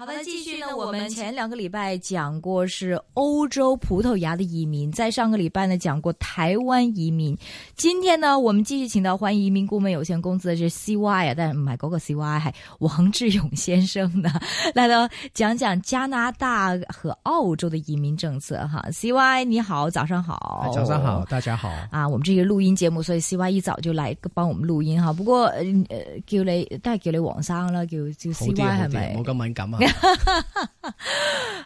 好的，繼續呢。我們前兩個禮拜講過是歐洲葡萄牙的移民，在上個禮拜呢講過台灣移民。今天呢，我們繼續請到歡迎移民顧問有限公司的這 CY 啊，但是唔係嗰個 CY 係王志勇先生呢，來到講講加拿大和澳洲的移民政策哈。CY 你好，早上好，早上好，大家好啊。我們這個錄音節目，所以 CY 一早就來幫我們錄音哈。不過呃呃，叫你都係叫你王生啦，叫叫 CY 係咪？好啲，冇咁敏感啊。哈，哈，哈，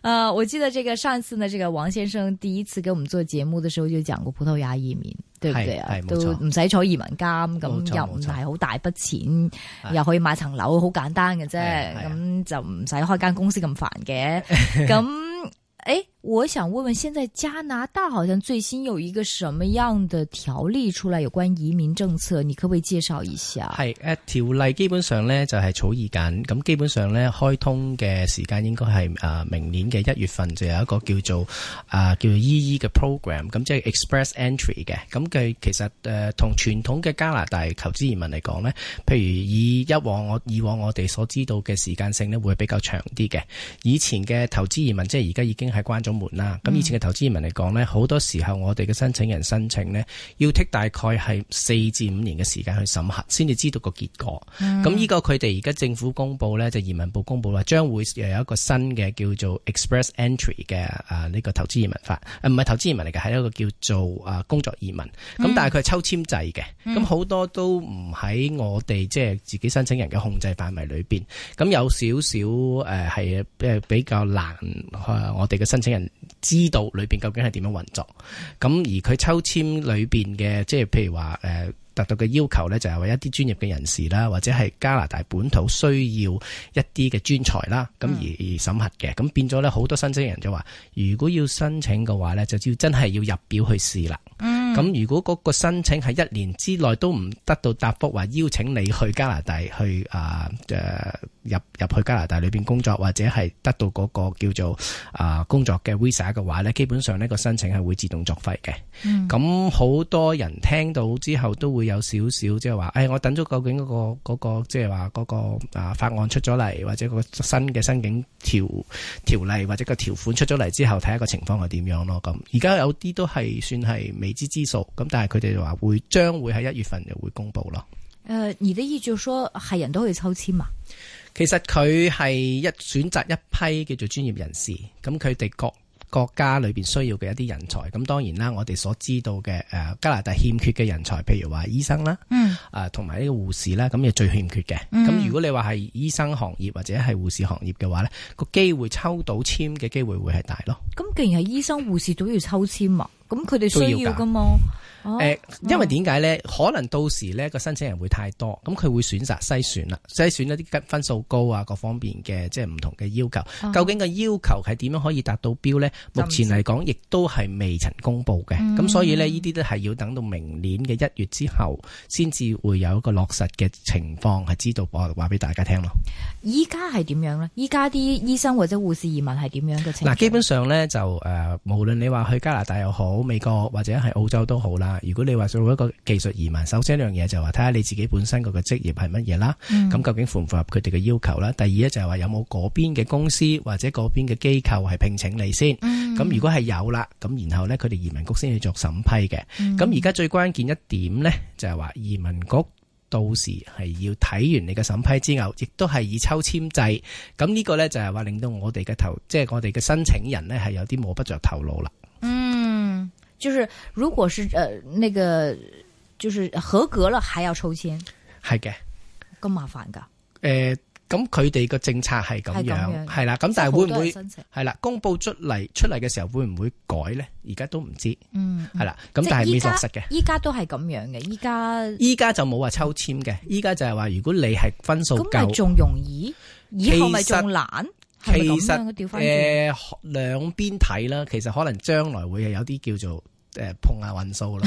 呃，我記得這個上一次呢，這個王先生第一次給我們做節目的時候就講過葡萄牙移民，對不對啊？都唔使坐移民監，咁又唔係好大筆錢，又可以買層樓，好、啊、簡單嘅啫，咁、啊、就唔使開間公司咁煩嘅，咁、啊， 誒。我想問問，現在加拿大好像最新有一個什麼樣的條例出來有關移民政策，你可唔可以介紹一下？係誒、啊，條例基本上咧就係、是、草擬緊，咁基本上咧開通嘅時間應該係誒、啊、明年嘅一月份就有一個叫做啊叫做 EE 嘅 program，咁、啊、即係 Express Entry 嘅，咁、啊、佢其實誒同、啊、傳統嘅加拿大投資移民嚟講咧，譬如以一往我以往我哋所知道嘅時間性咧會比較長啲嘅，以前嘅投資移民即係而家已經係關咗門啦，咁以前嘅投資移民嚟講呢，嗯、好多時候我哋嘅申請人申請呢，要 take 大概係四至五年嘅時間去審核，先至知道個結果。咁、嗯、呢個佢哋而家政府公布呢，就、移民部公布話將會有一個新嘅叫做 Express Entry 嘅啊呢個投資移民法，啊、唔係投資移民嚟嘅，係一個叫做啊工作移民。咁、嗯、但係佢係抽籤制嘅，咁、嗯、好多都唔喺我哋即係自己申請人嘅控制範圍裏邊。咁有少少誒係比較難，我哋嘅申請人。知道裏邊究竟係點樣運作，咁、嗯、而佢抽籤裏邊嘅，即係譬如話誒達到嘅要求呢，就係為一啲專業嘅人士啦，或者係加拿大本土需要一啲嘅專才啦，咁、嗯、而審核嘅，咁變咗呢，好多申請人就話，如果要申請嘅話呢，就要真係要入表去試啦。嗯，咁如果嗰個申請係一年之內都唔得到答覆，話邀請你去加拿大去啊、呃呃入入去加拿大裏邊工作或者係得到嗰個叫做啊、呃、工作嘅 visa 嘅話呢，基本上呢個申請係會自動作廢嘅。咁、嗯、好多人聽到之後都會有少少即係話，誒、哎，我等咗究竟嗰、嗰個、嗰個即係話嗰個啊法案出咗嚟，或者個新嘅申請條條例或者個條款出咗嚟之後，睇下個情況係點樣咯。咁而家有啲都係算係未知之數，咁但係佢哋話會將會喺一月份就會公布咯。誒、呃，而啲依照說係人都可以抽籤嘛。其實佢係一選擇一批叫做專業人士，咁佢哋各國家裏邊需要嘅一啲人才。咁當然啦，我哋所知道嘅，誒、呃、加拿大欠缺嘅人才，譬如話醫生啦，誒同埋呢個護士啦，咁係最欠缺嘅。咁、嗯、如果你話係醫生行業或者係護士行業嘅話，呢個機會抽到簽嘅機會會係大咯。咁既然係醫生護士都要抽簽啊，咁佢哋需要噶嘛。誒、哦，因為點解咧？可能到時咧個申請人會太多，咁佢會選擇篩選啦，篩選一啲分數高啊，各方面嘅即係唔同嘅要求。哦、究竟個要求係點樣可以達到標咧？目前嚟講，亦都係未曾公布嘅。咁、嗯、所以呢，呢啲都係要等到明年嘅一月之後，先至會有一個落實嘅情況係知道，我話俾大家聽咯。依家係點樣咧？依家啲醫生或者護士移民係點樣嘅情？嗱，基本上咧就誒、呃，無論你話去加拿大又好，美國或者係澳洲都好啦。如果你話做一個技術移民，首先一樣嘢，就係話睇下你自己本身個職業係乜嘢啦，咁、嗯、究竟符唔符合佢哋嘅要求啦？第二咧就係話有冇嗰邊嘅公司或者嗰邊嘅機構係聘請你先，咁、嗯、如果係有啦，咁然後咧佢哋移民局先去做審批嘅。咁而家最關鍵一點咧就係、是、話移民局到時係要睇完你嘅審批之後，亦都係以抽簽制。咁呢個咧就係話令到我哋嘅投，即、就、係、是、我哋嘅申請人咧係有啲摸不着頭腦啦。就是，如果是誒，呢、呃呢個就是合格啦，還要抽籤？係嘅，咁麻煩噶。誒、呃，咁佢哋個政策係咁樣，係啦。咁但係會唔會係啦？公布出嚟出嚟嘅時候會唔會改咧？而家都唔知。嗯，係啦。咁但係未落實嘅？依家都係咁樣嘅。依家依家就冇話抽籤嘅。依家就係話如果你係分數咁咪仲容易，以後咪仲難？其實誒，兩邊睇啦。其實可能將來會係有啲叫做。誒，碰下運數啦！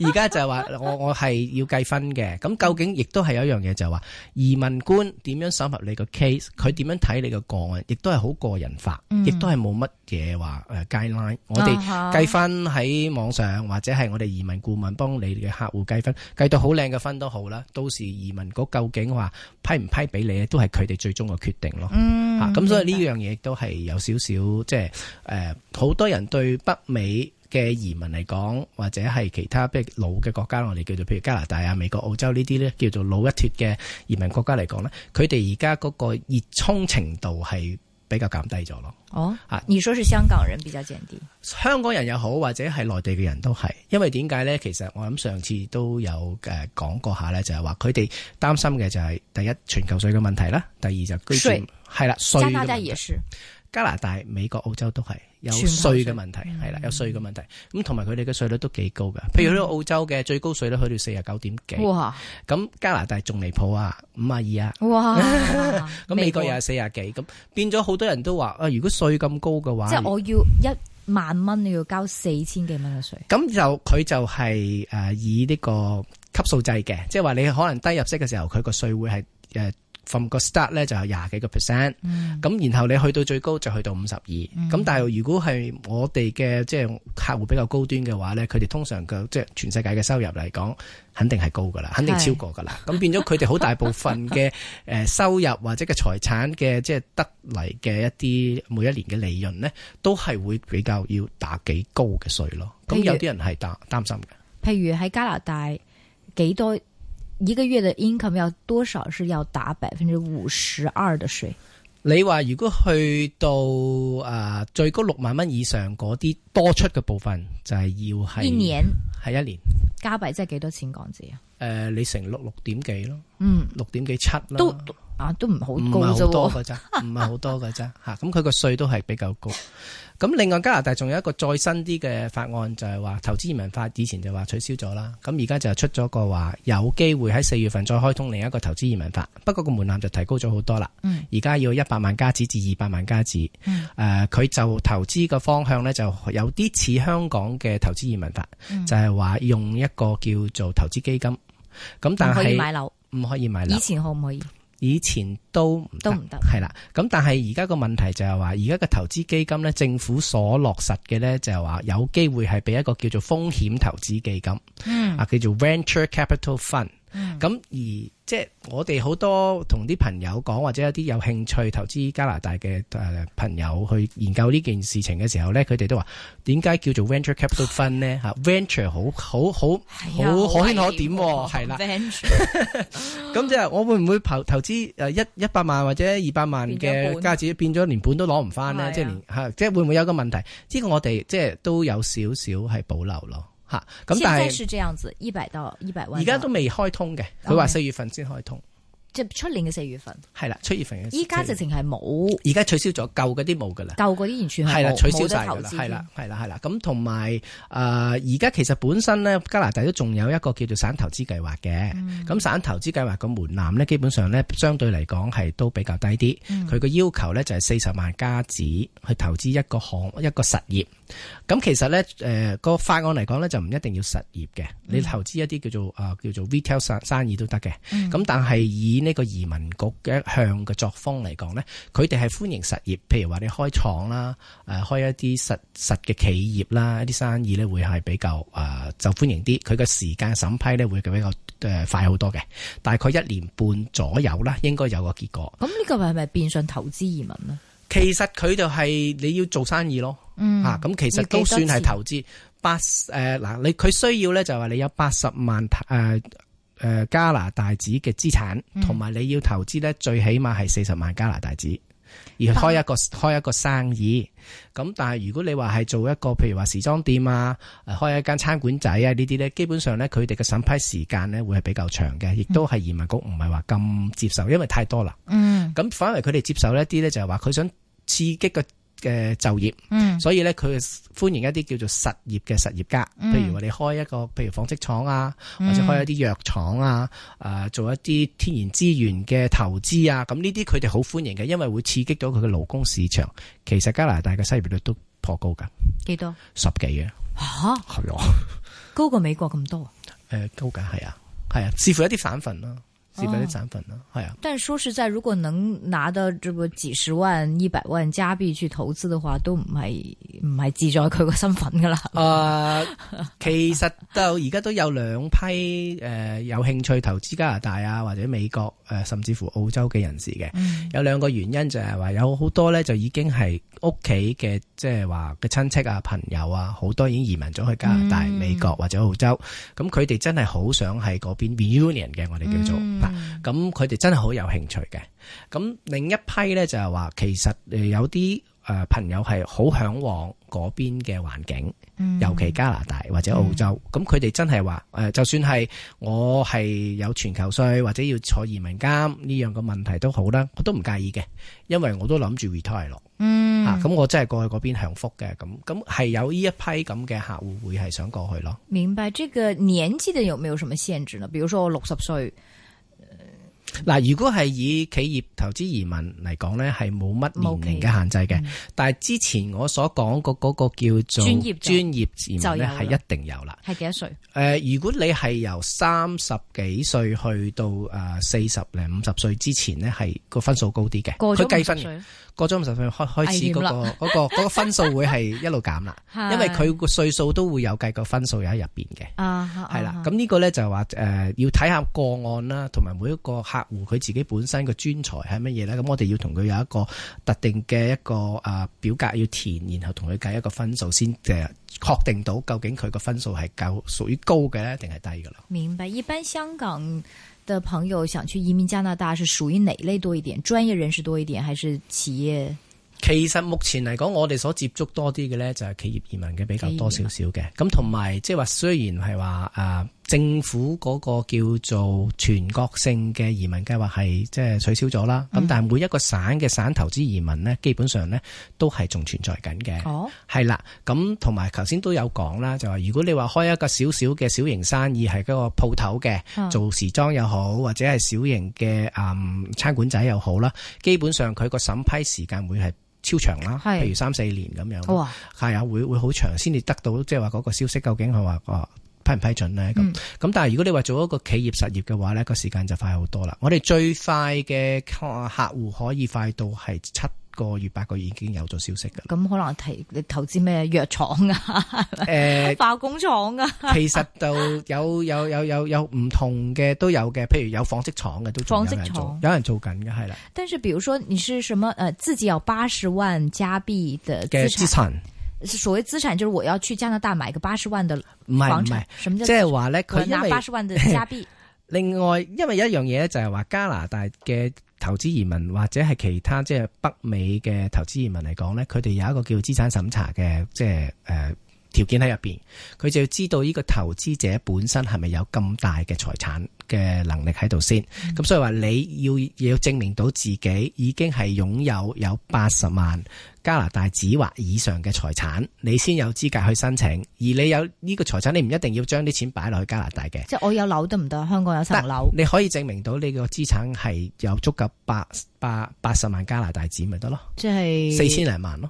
而家就係話，我我係要計分嘅。咁究竟亦都係有一樣嘢，就係話移民官點樣審核你個 case，佢點樣睇你個個案，亦都係好個人化，亦、嗯、都係冇乜嘢話誒 guideline。我哋計翻喺網上，或者係我哋移民顧問幫你嘅客戶計分，計到好靚嘅分都好啦。到時移民局究竟話批唔批俾你，都係佢哋最終嘅決定咯。咁、嗯啊，所以呢樣嘢都係有少少即係誒，好、就是呃、多人對北美嘅移民嚟講，或者係其他譬如老嘅國家，我哋叫做譬如加拿大啊、美國、澳洲呢啲咧，叫做老一脱嘅移民國家嚟講咧，佢哋而家嗰個熱衷程度係比較減低咗咯。哦，啊，你說是香港人比較減低，香港人又好，或者係內地嘅人都係，因為點解咧？其實我諗上次都有誒講、呃、過下咧，就係話佢哋擔心嘅就係、是、第一全球稅嘅問題啦，第二就居住，係啦，加拿大也是。加拿大、美國、澳洲都係有稅嘅問題，係啦、嗯，有稅嘅問題。咁同埋佢哋嘅稅率都幾高㗎。譬如呢個澳洲嘅、嗯、最高稅率去到四廿九點幾。哇！咁加拿大仲離譜啊，五啊二啊。哇！咁 美國又係四廿幾，咁變咗好多人都話啊，如果稅咁高嘅話，即係我要一萬蚊你要交四千幾蚊嘅稅。咁就佢就係、是、誒、呃、以呢個級數制嘅，即係話你可能低入息嘅時候，佢個稅會係誒。呃 From 個 start 咧就係廿幾個 percent，咁然後你去到最高就去到五十二，咁但係如果係我哋嘅即係客戶比較高端嘅話咧，佢哋通常嘅即係全世界嘅收入嚟講，肯定係高噶啦，肯定超過噶啦，咁變咗佢哋好大部分嘅誒收入 或者嘅財產嘅即係得嚟嘅一啲每一年嘅利潤咧，都係會比較要打幾高嘅稅咯，咁有啲人係擔擔心嘅。譬如喺加拿大幾多？一個月的 income 要多少？是要打百分之五十二的稅？你話如果去到誒、呃、最高六萬蚊以上嗰啲多出嘅部分就是，就係要係一年係一年加幣，即係幾多錢港紙啊？誒、呃，你成六六點幾咯，嗯，六點幾七啦，都啊都唔好，唔好多噶咋，唔係好多噶咋吓，咁佢個稅都係比較高。咁 另外加拿大仲有一個再新啲嘅法案，就係話投資移民法，以前就話取消咗啦，咁而家就出咗個話有機會喺四月份再開通另一個投資移民法，不過個門檻就提高咗好多啦。嗯，而家要一百萬加紙至二百萬加紙。嗯，誒、呃，佢就投資嘅方向咧，就有啲似香港嘅投資移民法，嗯、就係、是、話用一個叫做投資基金。咁但係唔可以買樓，以前可唔可以？以前都都唔得，係啦。咁但係而家個問題就係話，而家個投資基金咧，政府所落實嘅咧就係話，有機會係俾一個叫做風險投資基金，啊、嗯，叫做 Venture Capital Fund。咁、嗯、而即係我哋好多同啲朋友講，或者有啲有興趣投資加拿大嘅、誒、呃、朋友去研究呢件事情嘅時候咧，佢哋都話，點解叫做 venture capital fund 咧吓 ？venture 好好好好，啊、可圈可點係、啊、啦。咁、啊、 即係我會唔會投投資誒一一百萬或者二百萬嘅價值變咗連本都攞唔翻咧？即係連吓即係會唔會有個問題？呢、這個我哋即係都有少少係保留咯。吓，咁大概係咁樣子，一百到一百萬，而家都未開通嘅，佢話四月份先開通。即係出年嘅四,四月份，係啦，七月份嘅。依家直情係冇，而家取消咗，舊嗰啲冇噶啦，舊嗰啲完全係取消晒投資。係啦，係啦，係啦。咁同埋誒，而家、呃、其實本身咧，加拿大都仲有一個叫做省投資計劃嘅。咁、嗯、省投資計劃個門檻咧，基本上咧，相對嚟講係都比較低啲。佢、嗯、個要求咧就係四十萬加紙去投資一個行一個實業。咁其實咧，誒、呃、個法案嚟講咧，就唔一定要實業嘅。你投資一啲叫做、呃、叫做 retail 生生意都得嘅。咁、嗯、但係以呢個移民局嘅一向嘅作風嚟講咧，佢哋係歡迎實業，譬如話你開廠啦，誒、呃、開一啲實實嘅企業啦，一啲生意咧會係比較誒、呃、就歡迎啲，佢嘅時間審批咧會比較誒、呃、快好多嘅，大概一年半左右啦，應該有個結果。咁呢個係咪變相投資移民咧？其實佢就係你要做生意咯，嗯啊，咁其實都算係投資八誒嗱，你、呃、佢需要咧就係話你有八十萬。誒、呃。誒，加拿大紙嘅資產，同埋你要投資咧，最起碼係四十萬加拿大紙，而開一個開一個生意，咁但係如果你話係做一個，譬如話時裝店啊，開一間餐館仔啊呢啲咧，基本上咧佢哋嘅審批時間咧會係比較長嘅，亦都係移民局唔係話咁接受，因為太多啦。嗯，咁反而佢哋接受一啲咧，就係話佢想刺激個。嘅就業，嗯、所以咧佢歡迎一啲叫做實業嘅實業家。嗯、譬如我哋開一個，譬如紡織廠啊，嗯、或者開一啲藥廠啊，呃、做一啲天然資源嘅投資啊，咁呢啲佢哋好歡迎嘅，因為會刺激到佢嘅勞工市場。其實加拿大嘅失業率都頗高噶，幾多十幾嘅嚇，係啊，高過美國咁多，呃、高㗎係啊係啊，似乎一啲反份咯。係咪啲產品啊？係、哦、啊！但係說實在，如果能拿到這個幾十萬、一百萬加幣去投資的話，都唔係唔係自在佢個身份㗎啦。其實到而家都有兩批誒、呃、有興趣投資加拿大啊，或者美國、呃、甚至乎澳洲嘅人士嘅、嗯。有兩個原因就係話有好多咧，就已經係屋企嘅即係話嘅親戚啊、朋友啊，好多已經移民咗去加拿大、嗯、美國或者澳洲。咁佢哋真係好想喺嗰邊 reunion 嘅，我哋叫做。咁佢哋真係好有興趣嘅。咁另一批呢，就係話，其實誒有啲誒朋友係好向往嗰邊嘅環境、嗯，尤其加拿大或者澳洲。咁佢哋真係話誒，就算係我係有全球稅或者要坐移民監呢樣嘅問題都好啦，我都唔介意嘅，因為我都諗住 retire 咯。嗯，咁、啊、我真係過去嗰邊享福嘅。咁咁係有呢一批咁嘅客戶會係想過去咯。明白，這個年紀嘅有沒有什麼限制呢？比如說我六十歲。嗱，如果係以企業投資移民嚟講呢，係冇乜年齡嘅限制嘅、嗯。但係之前我所講個嗰個叫做專業移民咧，係一定有啦。係幾多歲？誒、呃，如果你係由三十幾歲去到誒四十零五十歲之前五十歲呢，係個分數高啲嘅。佢計分嘅。過咗五十歲開開始嗰個嗰個個分數會係一路減啦，因為佢、啊啊、個歲數都會有計個分數有喺入邊嘅，係、呃、啦。咁呢個咧就係話誒要睇下個案啦，同埋每一個客戶佢自己本身個專才係乜嘢咧。咁我哋要同佢有一個特定嘅一個啊表格要填，然後同佢計一個分數先，誒確定到究竟佢個分數係夠屬於高嘅咧，定係低噶啦。明白，一般香港。嘅朋友想去移民加拿大，是屬於哪類多一點？專業人士多一點，還是企業？其實目前嚟講，我哋所接觸多啲嘅咧，就係企業移民嘅比較多少少嘅。咁同埋即係話，雖然係話啊。呃政府嗰個叫做全國性嘅移民計劃係即係取消咗啦，咁、嗯、但每一個省嘅省投資移民呢，基本上呢都係仲存在緊嘅。哦，係啦，咁同埋頭先都有講啦，就話如果你話開一個小小嘅小型生意，係嗰個鋪頭嘅，做時裝又好，或者係小型嘅誒、嗯、餐館仔又好啦，基本上佢個審批時間會係超長啦，係，譬如三四年咁樣，哇，係啊，會會好長先至得到，即係話嗰個消息究竟係話個批唔批准咧？咁、嗯、咁，但係如果你話做一個企業實業嘅話咧，個時間就快好多啦。我哋最快嘅客戶可以快到係七個月、八個月已經有咗消息噶。咁、嗯、可能提你投資咩藥廠啊？誒、嗯， 化工廠啊？呃、其實就有有有有有唔同嘅都有嘅，譬如有紡織廠嘅都做，紡織廠有人做緊嘅係啦。但是，比如說你是什麼？誒、呃，自己有八十萬加幣的資產。所謂資產就是我要去加拿大買個八十萬的房，唔係唔係，即係話咧？佢、就是就是、拿八十萬的加幣。 另外，因為有一樣嘢咧，就係話加拿大嘅投資移民或者係其他即係、就是、北美嘅投資移民嚟講咧，佢哋有一個叫資產審查嘅，即係誒。呃條件喺入邊，佢就要知道呢個投資者本身係咪有咁大嘅財產嘅能力喺度先。咁、嗯、所以話你要要證明到自己已經係擁有有八十萬加拿大紙或以上嘅財產，你先有資格去申請。而你有呢個財產，你唔一定要將啲錢擺落去加拿大嘅。即係我有樓得唔得？香港有層樓，你可以證明到你個資產係有足夠八八八十萬加拿大紙咪得咯？即係四千零萬咯，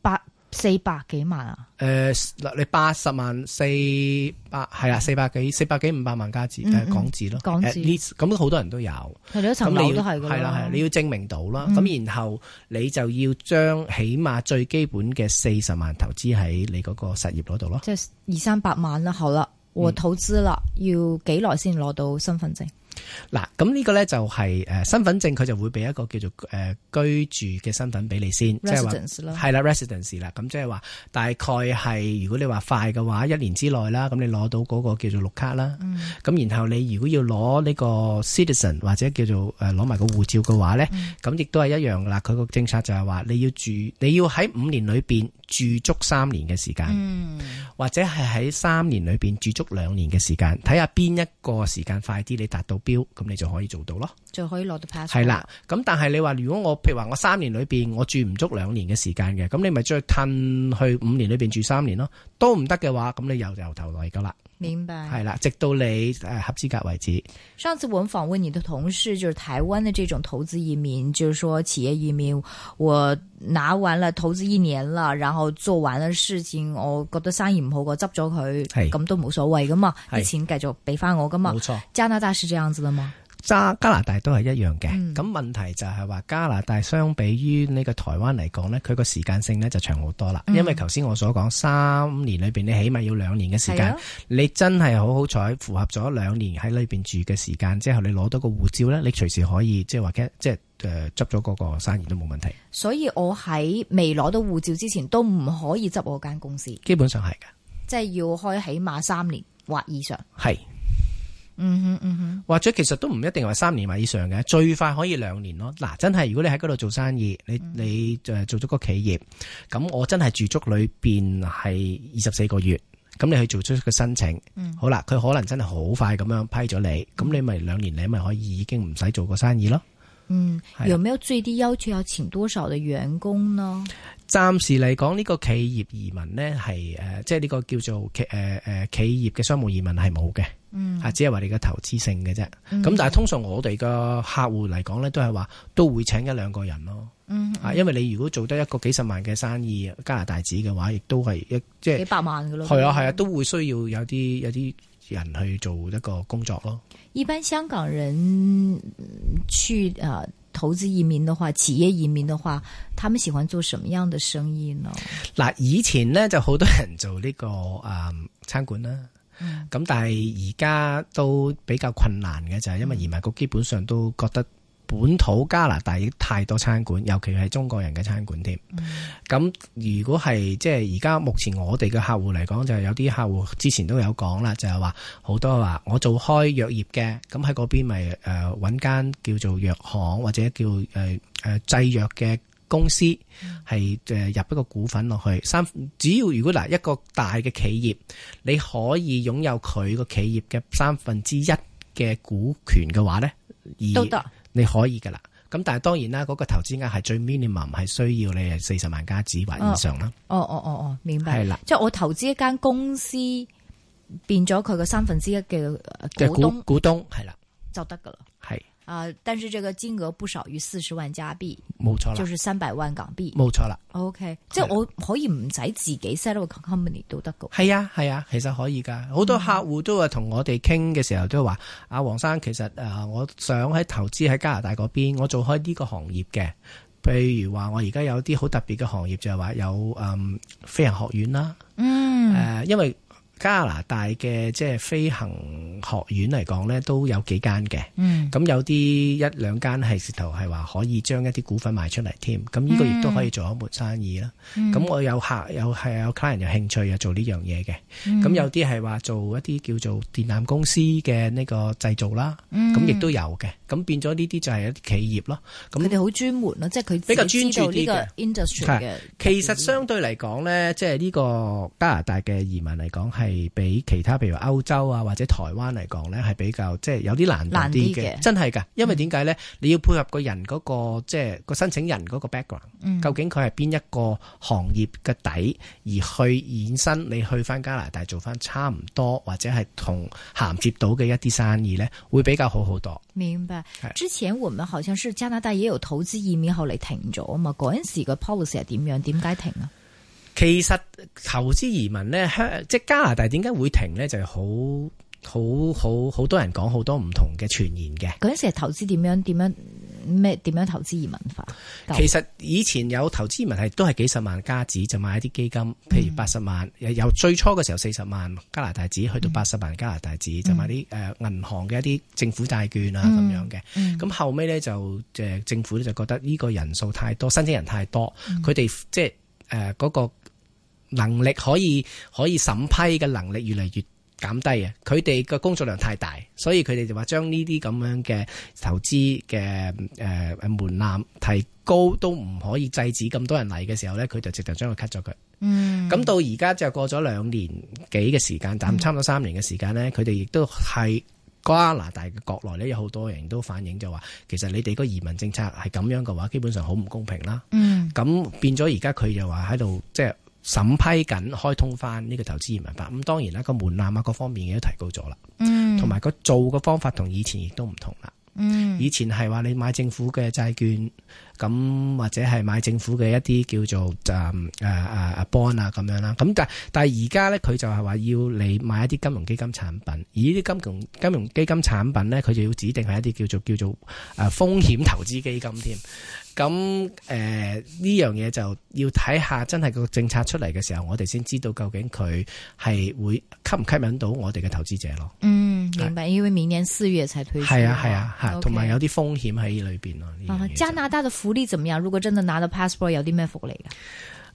八。四百幾萬啊？誒、呃，嗱，你八十萬四百係啦，四百幾四百幾五百萬加紙，誒、嗯呃，港紙咯，港紙咁好多人都有。係你一層樓都係係啦，係啊，你要證明到啦，咁、嗯、然後你就要將起碼最基本嘅四十萬投資喺你嗰個實業嗰度咯。即係二三百萬啦，好啦，我投資啦、嗯，要幾耐先攞到身份證？嗱、這個就是，咁呢個呢就係誒身份證佢就會俾一個叫做誒、呃、居住嘅身份俾你先，Residence、即係話係啦，residence 啦，咁即係話大概係如果你話快嘅話，一年之內啦，咁你攞到嗰個叫做綠卡啦，咁、嗯、然後你如果要攞呢個 citizen 或者叫做誒攞埋個護照嘅話呢，咁、嗯、亦都係一樣啦。佢個政策就係話你要住，你要喺五年裏邊住足三年嘅時間，嗯、或者係喺三年裏邊住足兩年嘅時間，睇下邊一個時間快啲，你達到邊。咁你就可以做到咯，就可以攞到 pass。係啦，咁但係你話如果我譬如話我三年裏邊我住唔足兩年嘅時間嘅，咁你咪再褪去五年裏邊住三年咯，都唔得嘅話，咁你又由頭來噶啦。明白，係啦，直到你誒合資格為止。上次我們訪問你的同事，就是台灣的這種投資移民，就是說企業移民，我拿完了投資一年了，然後做完了事情，我覺得生意唔好過，執咗佢，咁都冇所謂噶嘛，啲錢繼續俾返我噶嘛，冇錯。加拿大是這樣子的嗎？加加拿大都係一樣嘅，咁、嗯、問題就係話加拿大相比於呢個台灣嚟講呢，佢個時間性呢就長好多啦、嗯。因為頭先我所講三年裏邊，你起碼要兩年嘅時間，你真係好好彩符合咗兩年喺裏邊住嘅時間之後，你，你攞到個護照呢，你隨時可以即係話即係誒執咗嗰個生意都冇問題。所以我喺未攞到護照之前，都唔可以執我間公司。基本上係嘅，即、就、係、是、要開起碼三年或以上。係。嗯哼嗯哼，或者其實都唔一定話三年或以上嘅，最快可以兩年咯。嗱，真係如果你喺嗰度做生意，嗯、你你誒做咗個企業，咁我真係住足裏邊係二十四個月，咁你去做出一個申請，嗯、好啦，佢可能真係好快咁樣批咗你，咁你咪兩年，你咪可以已經唔使做個生意咯。嗯，有沒有最低要求要請多少嘅員工呢？暫時嚟講，呢、呢個企業移民呢係誒，即係呢個叫做企誒誒、呃、企業嘅商務移民係冇嘅。嗯，啊，只係話你嘅投資性嘅啫，咁、嗯、但係通常我哋嘅客戶嚟講咧，都係話都會請一兩個人咯，嗯，啊、嗯，因為你如果做得一個幾十萬嘅生意，加拿大紙嘅話，亦都係一即係幾百萬嘅咯，係啊係啊，啊，都會需要有啲有啲人去做一個工作咯。一般香港人去啊投資移民的話，企業移民的話，他們喜歡做什麼樣的生意呢？嗱，啊，以前呢，就好多人做呢，這個啊餐館啦。咁、嗯、但係而家都比較困難嘅，就係因為移民局基本上都覺得本土加拿大太多餐館，尤其係中國人嘅餐館添。咁、嗯、如果係即係而家目前我哋嘅客戶嚟講，就係、是、有啲客戶之前都有講啦，就係話好多話我做開藥業嘅，咁喺嗰邊咪誒搵間叫做藥行或者叫誒誒、呃、製藥嘅。公司係誒入，入一個股份落去三，只要如果嗱一個大嘅企業，你可以擁有佢個企業嘅三分之一嘅股權嘅話咧，都得。你可以噶啦。咁、嗯、但係當然啦，嗰、那個投資額係最 minimum 係需要你係四十萬加紙或以上啦。哦哦哦哦，明白。係啦，即係我投資一間公司，變咗佢嘅三分之一嘅股東的股，股東係啦，就得噶啦。係。啊！但是這個金額不少於四十萬加幣，冇錯啦，就是三百萬港幣，冇錯啦。O K，即係我可以唔使自己 set 個 company 都得嘅。係啊係啊，其實可以噶，好多客戶都係同我哋傾嘅時候都話，阿、嗯、王、啊、生，其實啊、呃，我想喺投資喺加拿大嗰邊，我做開呢個行業嘅，譬如話我而家有啲好特別嘅行業就係、是、話有嗯飛行學院啦，嗯，誒、呃，因為。加拿大嘅即係飛行學院嚟講咧，都有幾間嘅。嗯，咁有啲一兩間係直頭係話可以將一啲股份賣出嚟添。咁、嗯、呢個亦都可以做一門生意啦。咁、嗯、我有客有有 client 有興趣又做呢樣嘢嘅。咁、嗯、有啲係話做一啲叫做電纜公司嘅呢個製造啦。咁、嗯、亦都有嘅。咁變咗呢啲就係一啲企業咯，咁佢哋好專門咯，即係佢比較專注呢個 industry 嘅。其實相對嚟講咧，即係呢個加拿大嘅移民嚟講，係比其他譬如歐洲啊或者台灣嚟講咧，係比較即係有啲難啲嘅。真係㗎，因為點解咧？嗯、你要配合個人嗰個，即係個申請人嗰個 background，究竟佢係邊一個行業嘅底，而去衍生你去翻加拿大做翻差唔多或者係同銜接到嘅一啲生意咧，會比較好好多。明白。之前我們好像是加拿大也有投資移民，後來停咗啊嘛。嗰陣時個 policy 係點樣？點解停啊？其實投資移民咧，香即係加拿大，點解會停咧？就係好好好好多人講好多唔同嘅傳言嘅。嗰陣時係投資點樣？點樣？咩點樣投資移民法？其實以前有投資移民係都係幾十萬加紙就買一啲基金，譬如八十萬，嗯，由最初嘅時候四十萬加拿大紙去到八十萬加拿大紙、嗯、就買啲誒銀行嘅一啲政府債券啊咁、嗯、樣嘅。咁、嗯嗯、後尾呢，就誒政府咧就覺得呢個人數太多，申請人太多，佢哋即係誒嗰個能力可以可以審批嘅能力越嚟越多。減低啊，佢哋嘅工作量太大，所以佢哋就話將呢啲咁樣嘅投資嘅誒誒門檻提高，都唔可以制止咁多人嚟嘅時候咧，佢就直頭將佢 cut 咗佢。嗯，咁到而家就過咗兩年幾嘅時間，咁差唔多三年嘅時間咧，佢哋亦都係加拿大嘅國內咧，有好多人都反映就話，其實你哋個移民政策係咁樣嘅話，基本上好唔公平啦。嗯，咁變咗而家佢又話喺度即係。審批緊，開通翻呢個投資移民法，咁當然啦，個門檻啊，各方面亦都提高咗啦，嗯，同埋個做嘅方法同以前亦都唔同啦，嗯，以前係話你買政府嘅債券，咁或者係買政府嘅一啲叫做誒誒誒 bond 啊咁、啊啊啊、樣啦，咁但但係而家咧，佢就係話要你買一啲金融基金產品，而呢啲金融金融基金產品咧，佢就要指定係一啲叫做叫做誒風險投資基金添。咁誒呢樣嘢就要睇下，真係個政策出嚟嘅時候，我哋先知道究竟佢係會吸唔吸引到我哋嘅投資者咯。嗯，明白。因為明年四月才推出，係啊係啊同埋、啊 okay. 有啲風險喺裏邊咯。加拿大嘅福利怎麼樣？如果真係拿到 passport，有啲咩福利嘅、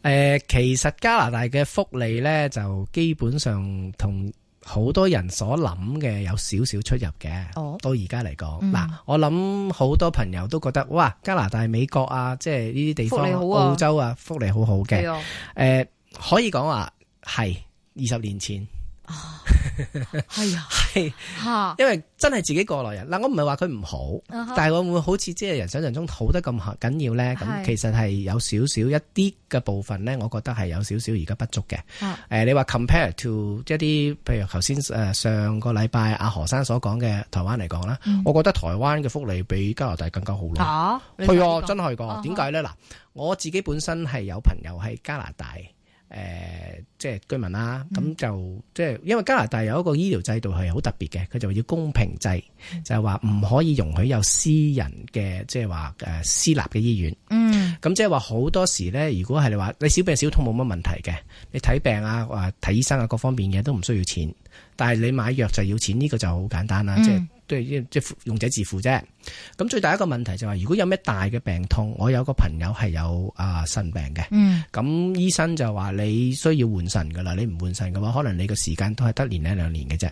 呃、其實加拿大嘅福利咧，就基本上同。好多人所諗嘅有少少出入嘅、哦，到而家嚟講，嗱、嗯，我諗好多朋友都覺得，哇，加拿大、美國啊，即係呢啲地方福利好、啊、澳洲啊，福利好好嘅、嗯呃，可以講話係二十年前。哦。係啊，係吓，因為真係自己過來人嗱，我唔係話佢唔好，uh -huh. 但係會唔會好似即係人想象中好得咁緊要咧？咁、uh -huh. 其實係有少少一啲嘅部分咧，我覺得係有少少而家不足嘅。誒、uh -huh. 呃，你話 compare to 即係啲，譬如頭先誒上個禮拜阿何生所講嘅台灣嚟講啦，uh -huh. 我覺得台灣嘅福利比加拿大更加好咯。去、uh -huh. 這個、真係去過，點解咧？嗱，我自己本身係有朋友喺加拿大。誒、呃，即係居民啦、啊，咁就即係因為加拿大有一個醫療制度係好特別嘅，佢就要公平制，就係話唔可以容許有私人嘅，即係話誒私立嘅醫院。嗯，咁即係話好多時咧，如果係你話你小病小痛冇乜問題嘅，你睇病啊、睇醫生啊，各方面嘅都唔需要錢。但係你買藥就要錢，呢、這個就好簡單啦、嗯，即係都係即係用者自付啫。咁最大一個問題就話、是，如果有咩大嘅病痛，我有個朋友係有啊腎、呃、病嘅，咁、嗯、醫生就話你需要換腎噶啦，你唔換腎嘅話，可能你個時間都係得年一兩年嘅啫。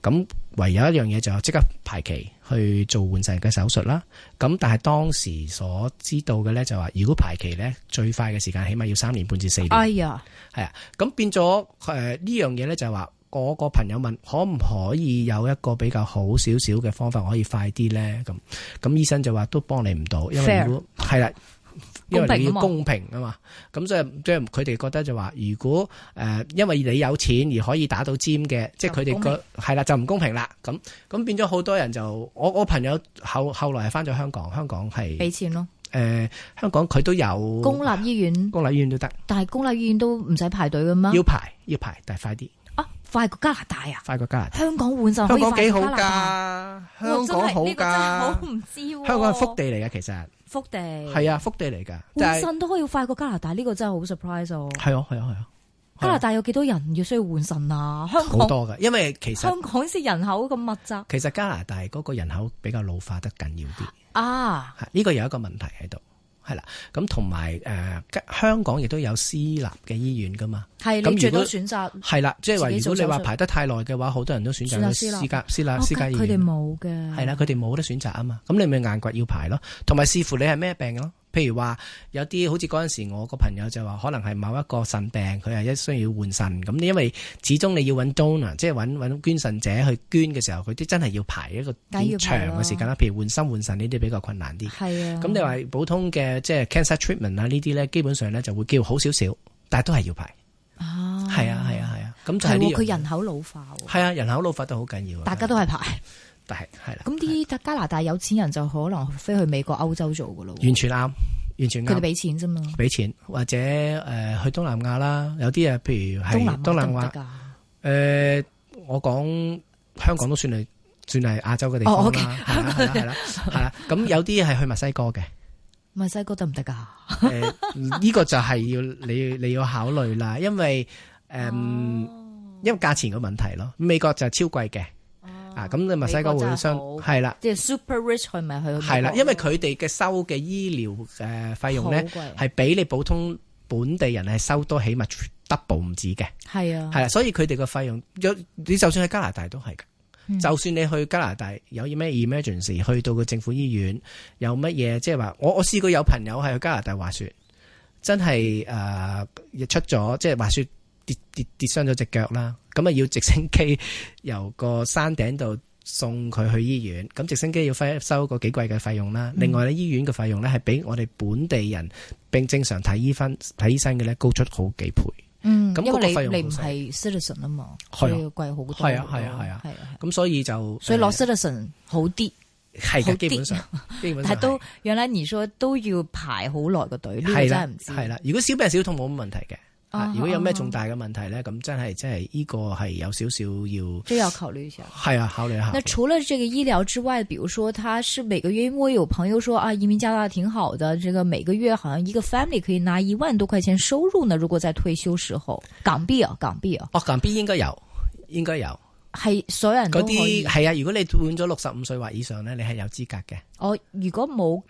咁唯有一樣嘢就即刻排期去做換腎嘅手術啦。咁但係當時所知道嘅咧就話，如果排期咧最快嘅時間起碼要三年半至四年。哎呀，係啊，咁變咗誒呢樣嘢咧就話。我個朋友問，可唔可以有一個比較好少少嘅方法可以快啲呢？咁咁，醫生就話都幫你唔到，因為如果係啦，因為你要公平啊嘛。咁所以即係佢哋覺得就話，如果誒、呃、因為你有錢而可以打到尖嘅，即係佢哋個係啦，就唔公平啦。咁咁變咗好多人就我我朋友後後來翻咗香港，香港係俾錢咯。誒、呃，香港佢都有公立醫院，公立醫院都得，但係公立醫院都唔使排隊噶咩？要排要排，但係快啲。啊、快過加拿大啊！快過加拿香港換腎可香港好噶，香港好噶，好唔知喎、啊。香港係福地嚟嘅，其實福地係啊，福地嚟噶，換、就、腎、是、都可以快過加拿大。呢、這個真係好 surprise 我。係哦、啊，係哦、啊，係哦、啊啊。加拿大有幾多人要需要換腎啊？香港好多噶，因為其實香港好似人口咁密集。其實加拿大嗰個人口比較老化得緊要啲啊。呢、這個有一個問題喺度。係啦，咁同埋誒，香港亦都有私立嘅醫院噶嘛。係，咁如果選擇係啦，即係話如果你話排得太耐嘅話，好多人都選擇去私家、私立、私家、哦、醫院。佢哋冇嘅。係啦，佢哋冇得選擇啊嘛。咁你咪硬掘要排咯，同埋視乎你係咩病咯。譬如話有啲好似嗰陣時，我個朋友就話，可能係某一個腎病，佢係一需要換腎咁。你因為始終你要搵 donor，即係搵搵捐腎者去捐嘅時候，佢啲真係要排一個長嘅時間啦。啊、譬如換心換腎呢啲比較困難啲。係啊。咁你話普通嘅即係 cancer treatment 啊呢啲咧，基本上咧就會叫好少少，但都係要排。啊，係啊係啊係啊。咁、啊啊啊、就係、是、佢人口老化喎。係啊，人口老化都好緊要。大家都係排。 但係係啦，咁啲加拿大有錢人就可能飛去美國、歐洲做噶咯。完全啱，完全啱。佢哋俾錢啫嘛，俾錢或者誒、呃、去東南亞啦，有啲啊，譬如係東南亞。誒、呃，我講香港都算係、嗯、算係亞洲嘅地方啦。係啦係啦係啦，咁、okay, 係啦，有啲係去墨西哥嘅。墨西哥得唔得噶？呢 呃這個就係要你你要考慮啦，因為誒、呃哦，因為價錢嘅問題咯。美國就超貴嘅。啊，咁你墨西哥會商係啦，即係 super rich 係咪去係啦，因為佢哋嘅收嘅醫療嘅費用咧，係比你普通本地人係收多起碼 double 唔止嘅，係啊，係啦，所以佢哋嘅費用，你就算喺加拿大都係、嗯、就算你去加拿大有咩 emergency 去到個政府醫院有乜嘢，即係話我我試過有朋友係去加拿大滑雪，真係誒、呃、出咗即係滑雪。就是說話說跌跌跌傷咗隻腳啦，咁啊要直升機由個山頂度送佢去醫院，咁直升機要收個幾貴嘅費用啦。另外咧，醫院嘅費用咧係比我哋本地人並正常睇醫翻睇醫生嘅咧高出好幾倍。嗯，那用很因為你你唔係 citizen 啊嘛，所以要貴好多。係啊係啊係啊，係啊。咁、啊啊啊啊啊、所以就所以攞 citizen 好啲，係基本上， 但係都原來你說都要排好耐、啊這個隊，係係啦，如果小病小痛冇乜問題嘅。啊、如果有咩重大嘅問題呢？咁、啊啊、真係真係呢個係有少少要，要考慮一下。係啊，考慮一下。那除了這個醫療之外，比如說，他是每個月，因為有朋友說啊，移民加拿大挺好的，這個每個月好像一個 family 可以拿一萬多塊錢收入呢。如果在退休時候港幣啊港幣啊，哦港幣應該有，應該有，係所有人都嗰啲係啊。如果你滿咗六十五歲或以上呢，你係有資格嘅。哦，如果冇。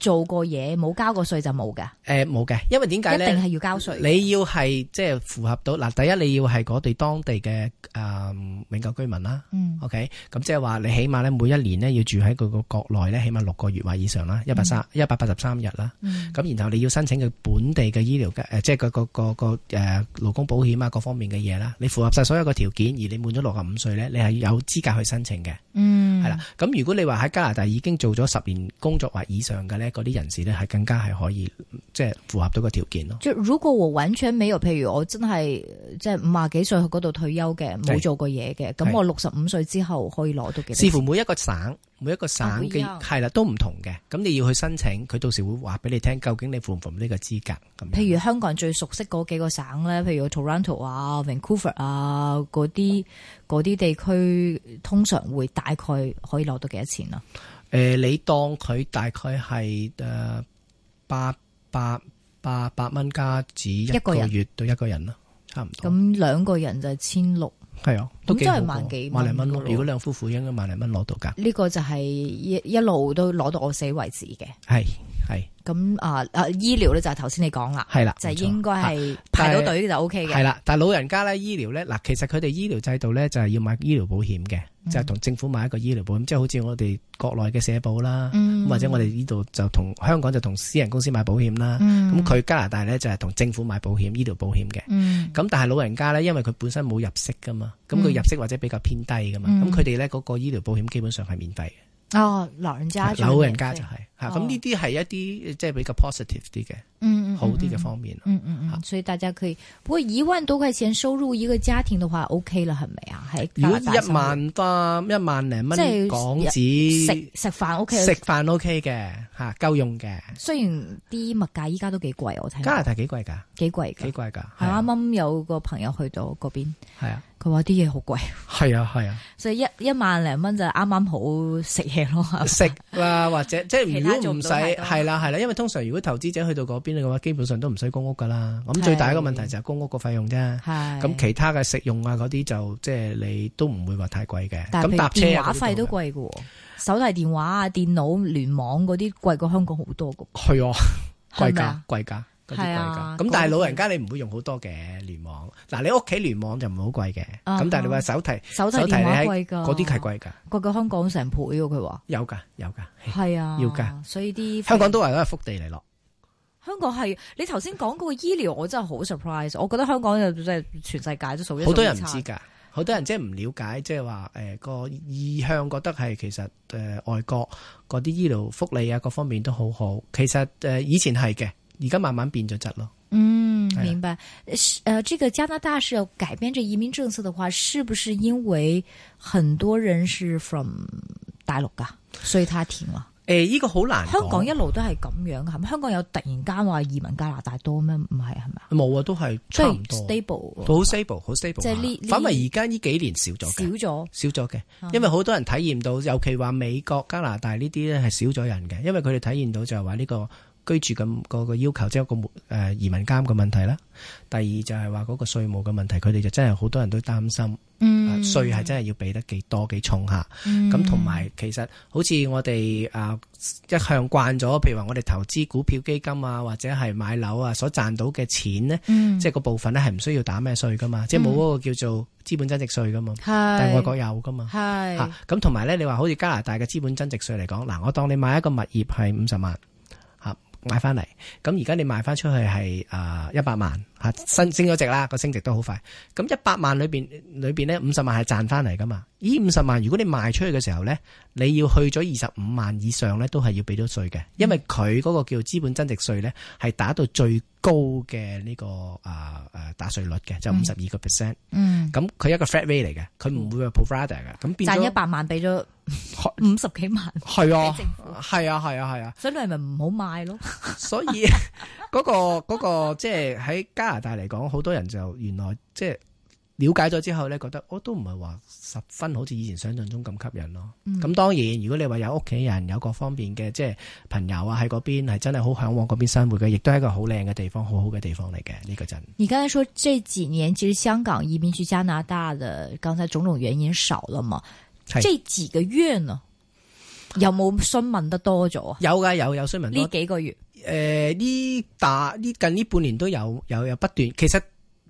做過嘢冇交過稅就冇㗎？誒，冇嘅，因為點解咧？一定係要交稅。你要係即係符合到，嗱，第一你要係我哋當地嘅誒永久居民啦。嗯，OK，咁即係話你起碼咧每一年咧要住喺佢個國內咧起碼六個月或以上啦，一百三一百八十三日啦。嗯，咁然後你要申請佢本地嘅醫療嘅誒，即係個個個個誒勞工保險啊各方面嘅嘢啦。你符合晒所有嘅條件，而你滿咗六十五歲咧，你係有資格去申請嘅。嗯。係啦，咁如果你話喺加拿大已經做咗十年工作或以上嘅咧，嗰啲人士咧係更加係可以，即係符合到個條件咯。就如果我完全冇，譬如我真係即係五十幾歲去嗰度退休嘅，冇做過嘢嘅，咁我六十五歲之後可以攞到幾多？視乎每一個省。每一個省嘅係啦，都唔同嘅。咁你要去申請，佢到時會話俾你聽，究竟你符唔符合呢個資格。譬如香港人最熟悉嗰幾個省咧，譬如 Toronto 啊、Vancouver 啊嗰啲嗰啲地區，通常會大概可以攞到幾多錢啊？誒、呃，你當佢大概係誒八百八百蚊加紙一個月到一個人啦，差唔多。咁兩個人就千六。係啊，咁都係萬幾萬零蚊咯。如果兩夫婦應該萬零蚊攞到噶，呢個就係一一路都攞到我死為止嘅。係。係，咁啊啊醫療咧就係頭先你講啦，係啦，就係、是、應該係排到隊就 O K 嘅，係啦。但係老人家咧醫療咧嗱，其實佢哋醫療制度咧就係要買醫療保險嘅、嗯，就係、是、同政府買一個醫療保險，即、就、係、是、好似我哋國內嘅社保啦、嗯，或者我哋呢度就同香港就同私人公司買保險啦。咁、嗯、佢加拿大咧就係同政府買保險醫療保險嘅。咁、嗯、但係老人家咧，因為佢本身冇入息噶嘛，咁佢入息或者比較偏低噶嘛，咁佢哋咧嗰個醫療保險基本上係免費嘅。哦，老人家，老人家就係、是、吓，咁呢啲係一啲即係比較 positive 啲嘅，嗯，嗯，嗯好啲嘅方面，嗯嗯嗯，嗯，所以大家可以，不過一萬多塊錢收入一個家庭嘅話，OK 啦，係咪啊？係，如果一萬多一萬零蚊，即係港紙食食飯 OK，食飯 OK 嘅吓，夠、okay 嗯、用嘅。雖然啲物價依家都幾貴，我睇加拿大幾貴噶，幾貴噶，幾貴噶。係啱啱有個朋友去到嗰邊，係啊。佢話啲嘢好貴，係啊係啊，所以一一萬零蚊就啱啱好食嘢咯，食啊 或者即係、就是、如果唔使係啦係啦，因為通常如果投資者去到嗰邊嘅話，基本上都唔使公屋噶啦。咁、啊、最大一個問題就係公屋個費用啫。咁、啊、其他嘅食用啊嗰啲就即係、就是、你都唔會話太貴嘅。咁搭車話費都貴㗎喎、啊，手提電話啊、電腦聯網嗰啲貴過香港好多㗎。係啊，貴價貴價。係啊，咁但係老人家你唔會用好多嘅聯網嗱、那個。你屋企聯網就唔係好貴嘅。咁、啊、但係你話手提手提貴，你喺嗰啲係貴噶，貴過香港成倍。佢話有噶有噶係啊，要噶，所以啲香港都係一個福地嚟咯。香港係你頭先講嗰個醫療，我真係好 surprise。我覺得香港就即係全世界都數一數二差。好多人唔知噶，好多人即係唔了解，即係話誒個意向覺得係其實誒、呃、外國嗰啲醫療福利啊，各方面都好好。其實誒、呃、以前係嘅。而家慢慢變咗質咯。嗯，啊、明白。是，誒，這個加拿大是要改變這移民政策嘅話，是不是因為很多人是 from 大陸噶，所以太甜啦？誒、呃，呢、這個好難。香港一路都係咁樣，係咪？香港有突然間話移民加拿大多咩？唔係，係咪？冇啊，都係差唔多 stable，好 stable，好 stable。即係呢，反為而家呢幾年少咗，少咗，少咗嘅。因為好多人體驗到，嗯、尤其話美國、加拿大呢啲咧係少咗人嘅，因為佢哋體驗到就係話呢個。居住咁個個要求即係、就是、個誒移民監嘅問題啦。第二就係話嗰個稅務嘅問題，佢哋就真係好多人都擔心，稅、嗯、係、啊、真係要俾得幾多幾重吓。咁同埋其實好似我哋誒、啊、一向慣咗，譬如話我哋投資股票基金啊，或者係買樓啊，所賺到嘅錢呢，即、就、係、是、個部分呢係唔需要打咩稅噶嘛，嗯、即係冇嗰個叫做資本增值稅噶嘛。但係外國有噶嘛。係。咁同埋呢，你話好似加拿大嘅資本增值稅嚟講，嗱，我當你買一個物業係五十萬。買翻嚟，咁而家你賣翻出去係啊一百萬。升咗值啦，個升值都好快。咁一百萬裏邊裏邊呢五十萬係賺翻嚟噶嘛？依五十萬，如果你賣出去嘅時候咧，你要去咗二十五萬以上咧，都係要俾咗稅嘅，因為佢嗰個叫資本增值稅咧，係打到最高嘅呢個啊誒打稅率嘅，就五十二個 percent。咁佢、嗯嗯、一個 flat rate 嚟嘅，佢唔會係 profited 嘅。咁賺一百萬 ,50 萬，俾咗五十幾萬。係啊，係啊，係啊，係啊，啊。所以你咪唔好賣咯。所以嗰、 嗰個嗰、嗰個即係喺加。但係嚟講，好多人就原來即係了解咗之後呢，覺得我都唔係話十分好似以前想象中咁吸引咯。咁、嗯、當然，如果你話有屋企人有各方面嘅即係朋友啊喺嗰邊，係真係好向往嗰邊生活嘅，亦都係一個好靚嘅地方，很好好嘅地方嚟嘅呢個陣。你剛才說這幾年其實香港移民去加拿大的，剛才種種原因少了嗎？這幾個月呢，啊、有冇詢問得多咗啊？有噶，有有詢問呢幾個月。誒，呢大呢近呢半年都有有有不斷，其實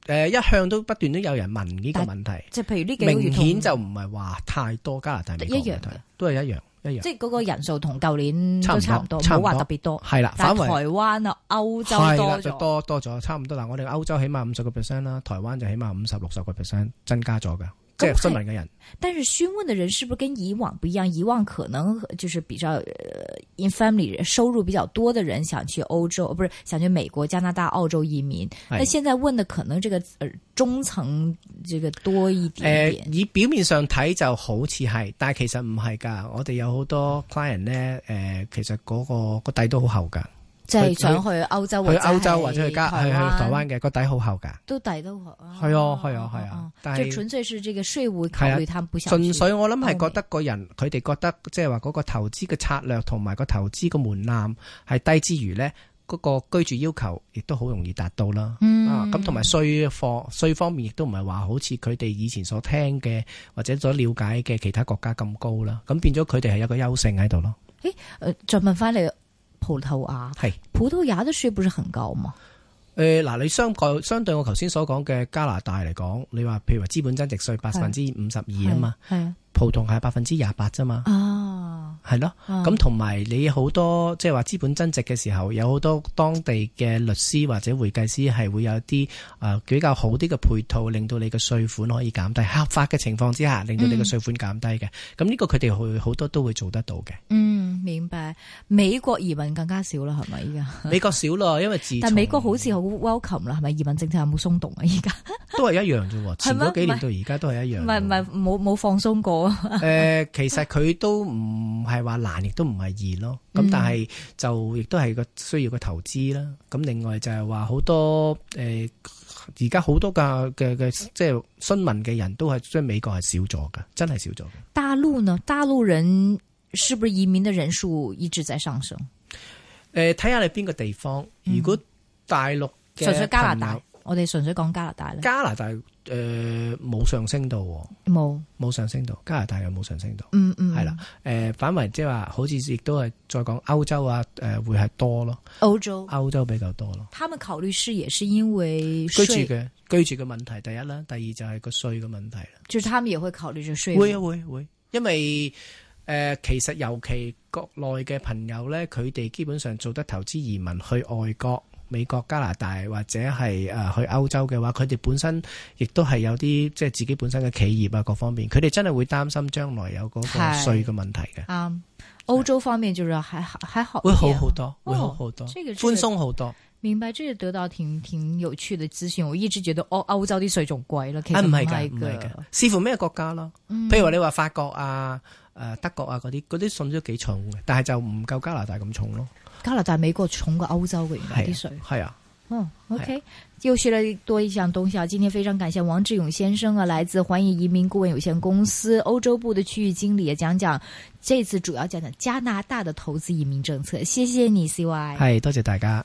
誒一向都不斷都有人問呢個問題，即係譬如呢幾個月同明顯就唔係話太多加拿大明顯一,一樣，都係一樣一樣，即係嗰個人數同舊年都差唔多，冇話特別多係啦。但係台灣啊，歐洲多啦，多多咗，差唔多啦，我哋歐洲起碼五十個 percent 啦，台灣就起碼五十六十個 percent 增加咗噶。即係詢問嘅人，但是詢問的人是不是跟以往不一樣？以往可能就是比較 in family 收入比較多的人想去歐洲，不是想去美國、加拿大、澳洲移民。那現在問的可能這個中層這個多一點點。呃、以表面上睇，就好似係，但係其實唔係噶。我哋有好多 client 呢，誒、呃，其實嗰、那個個底都好厚噶。即、就、係、是、想去歐洲，去歐洲或者去加，去去台灣嘅個底好厚噶，都底都厚。係啊，係啊，係啊，啊，啊，啊。但就純粹是呢個稅務嘅考慮本身。純、啊、粹我諗係覺得個人佢哋覺得即係話嗰個投資嘅策略同埋個投資嘅門檻係低之餘呢，嗰、那個居住要求亦都好容易達到啦。咁同埋稅課稅方面亦都唔係話好似佢哋以前所聽嘅或者所了解嘅其他國家咁高啦。咁變咗佢哋係一個優勢喺度咯。誒，誒、呃，再問翻你。葡萄牙、啊、係葡萄牙的稅不是很高嗎？誒，嗱，你相對相對我頭先所講嘅加拿大嚟講，你話譬如話資本增值稅百分之五十二啊嘛。普通係百分之廿八啫嘛，哦，係咯，咁同埋你好多即係話資本增值嘅時候，有好多當地嘅律師或者會計師係會有啲誒比較好啲嘅配套，令到你嘅稅款可以減低，合法嘅情況之下，令到你嘅稅款減低嘅。咁、嗯、呢個佢哋會好多都會做得到嘅。嗯，明白。美國移民更加少啦，係咪依家？ 美國少咯，因為自但美國好似好 welcome 啦，係咪？移民政策有冇鬆動啊？依家？都係一樣啫，前嗰幾年到而家都係一樣的。唔係唔係，冇冇放鬆過。誒、 呃，其實佢都唔係話難，亦都唔係易咯。咁、嗯、但係就亦都係個需要個投資啦。咁另外就係話好多誒，而家好多嘅嘅嘅，即係詢問嘅人都係將美國係少咗噶，真係少咗。大陸呢？大陸人是不是移民的人數一直在上升？誒、呃，睇下你邊個地方。如果大陸嘅、嗯，加拿大。我哋純粹講加拿大咧，加拿大誒冇、呃、上升到，冇冇上升到，加拿大又冇上升到，嗯嗯，係、嗯、啦，誒、呃、反為即係話，好似亦都係再講歐洲啊，誒、呃、會係多咯，歐洲歐洲比較多咯。他們考慮是也是因為稅居住嘅居住嘅問題，第一啦，第二就係個稅嘅問題啦。就是他們也會考慮住稅，會啊會會、啊，因為誒、呃、其實尤其國內嘅朋友咧，佢哋基本上做得投資移民去外國。美國、加拿大或者係誒、呃、去歐洲嘅話，佢哋本身亦都係有啲即係自己本身嘅企業啊，各方面，佢哋真係會擔心將來有嗰個稅嘅問題嘅。歐洲方面，就是還好還好，會好好多，會好好多，哦、這個、寬鬆好多。明白，這個得到挺挺有趣的資訊。我一直覺得歐歐洲啲稅仲貴咯，其實唔係噶，唔係噶，視乎咩國家咯。嗯、譬如你話法國啊、誒德國啊嗰啲，嗰啲稅都幾重嘅，但係就唔夠加拿大咁重咯。加拿大美國重過歐洲嘅啲水。係啊，嗯、啊 oh，OK，啊、又學了多一項東西啊。今天非常感謝王志勇先生啊，來自環宇移民顧問有限公司歐洲部的區域經理也講講，講講這次主要講講加拿大的投資移民政策。謝謝你，CY。係，多謝大家。